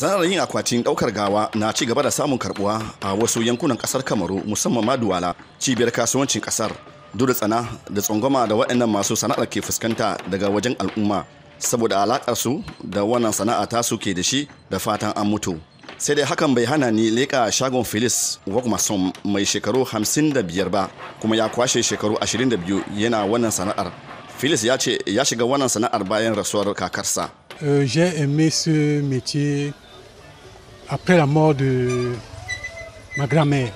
sanar yin akwatin daukar gawa na ci gaba da samun karbuwa a wasu yankunan kasar kamaru musamman ma duwala cibiyar kasuwancin kasar duk tsana da tsangwama da waɗannan masu sana'ar ke fuskanta daga wajen al'umma saboda alakar su da wannan sana'a tasu ke da shi da fatan an mutu sai dai hakan bai hana ni leƙa shagon felix wagmason mai shekaru 55 ba kuma ya kwashe shekaru 22 yana wannan sana'ar felix ya ce ya shiga wannan sana'ar bayan rasuwar kakarsa euh, j'ai aimé ce métier après la mort de ma grand-mère.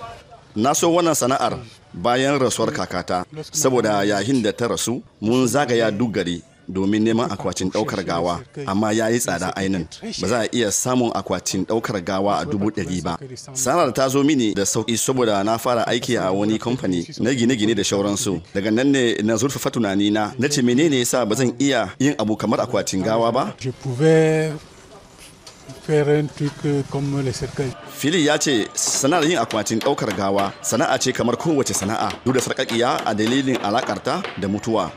Na so wannan sana'ar bayan rasuwar kakata saboda yayin da ta rasu mun zagaya duk gari domin neman akwatin daukar gawa amma ya yi tsada ainin ba za a iya samun akwatin daukar gawa a dubu ɗari ba sanar ta zo mini da sauƙi saboda na fara aiki a wani kamfani na gine-gine da shauransu daga nan ne na zurfafa tunanina na ce menene yasa ba zan iya yin abu kamar akwatin gawa ba Fili ya ce sana'ar yin akwatin ɗaukar gawa sana'a ce kamar kowace sana'a duk da sarƙaƙiya a dalilin alakarta da mutuwa.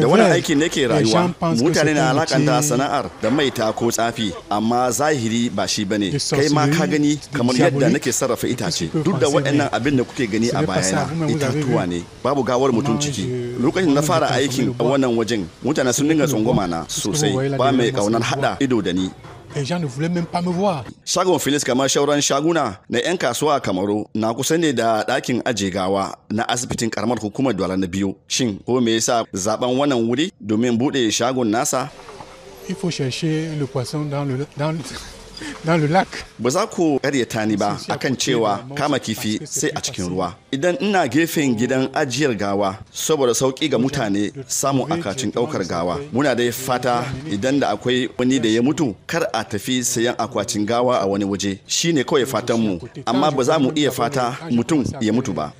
Da wani aiki ne ke rayuwa mutane na alakanta sana'ar da mai ta ko tsafi amma zahiri ba shi bane kai ma ka gani kamar yadda nake sarrafa itace duk da waɗannan abin da kuke gani a bayana itatuwa ne babu gawar mutum ciki. Lokacin na fara aikin a wannan wajen mutane sun dinga tsangwama na sosai ba mai ƙaunar hada ido da ni Les gens ne voulaient même pas me voir. Shagon Felix kamar shauran shaguna na 'yan kasuwa a Kamaru na kusa ne da ɗakin ajiye gawa na asibitin karamar hukumar Duwala na biyu. Shin ko me yasa zaben wannan wuri domin buɗe shagon nasa? Il faut chercher le poisson dans le dans Ba za ku karyata ni ba akan cewa kama kifi sai a cikin ruwa. Idan ina gefen gidan ajiyar gawa saboda sauƙi ga mutane samun akacin ɗaukar gawa. Muna da fata idan da akwai wani da ya mutu kar a tafi sayan akwatin gawa a wani waje. shine ne kawai fatanmu, amma ba za mu iya fata mutum ya mutu ba.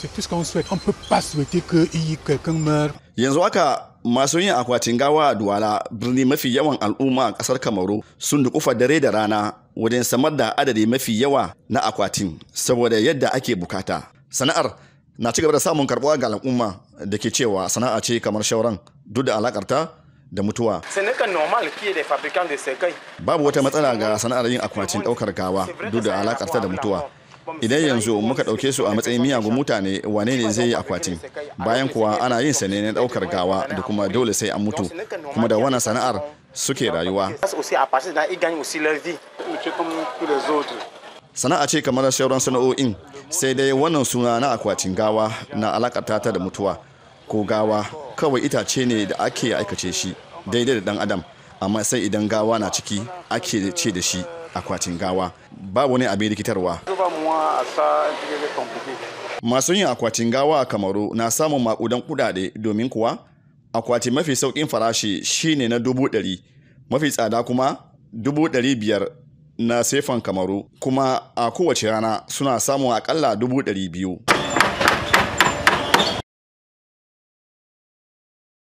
C'est tout ce qu'on souhaite. On ne peut pas souhaiter que quelqu'un meure. Yanzu haka masu yin akwatin gawa a Duwala birni mafi yawan al'umma a ƙasar Kamaru sun kufa dare da rana wajen samar da adadi mafi yawa na akwatin saboda yadda ake bukata. Sana'ar na cigaba da samun karbuwa ga al'umma da ke cewa sana'a ce kamar shauran duk da alakarta da mutuwa. Babu wata matsala ga sana'ar yin akwatin ɗaukar gawa duk da alakarta da mutuwa. idan yanzu muka ɗauke su a matsayin miyagun mutane wane ne zai yi akwatin bayan kuwa ana yin sa na ɗaukar gawa da kuma dole sai an mutu kuma da wannan sana'ar suke rayuwa sana'a ce kamar sauran sana'o'in sai dai wannan suna na akwatin gawa na alakata ta da mutuwa ko gawa kawai itace ne da ake aikace shi daidai da dan adam amma sai idan gawa na ciki ake ce da shi akwatin gawa ba wani abin rikitarwa sa Masu yin akwatin gawa a Kamaru na samun makudan kudade domin kuwa akwati mafi saukin farashi shine na dubu ɗari mafi tsada kuma dubu ɗari biyar na sefan Kamaru kuma a kowace rana suna samun akalla dubu ɗari biyu.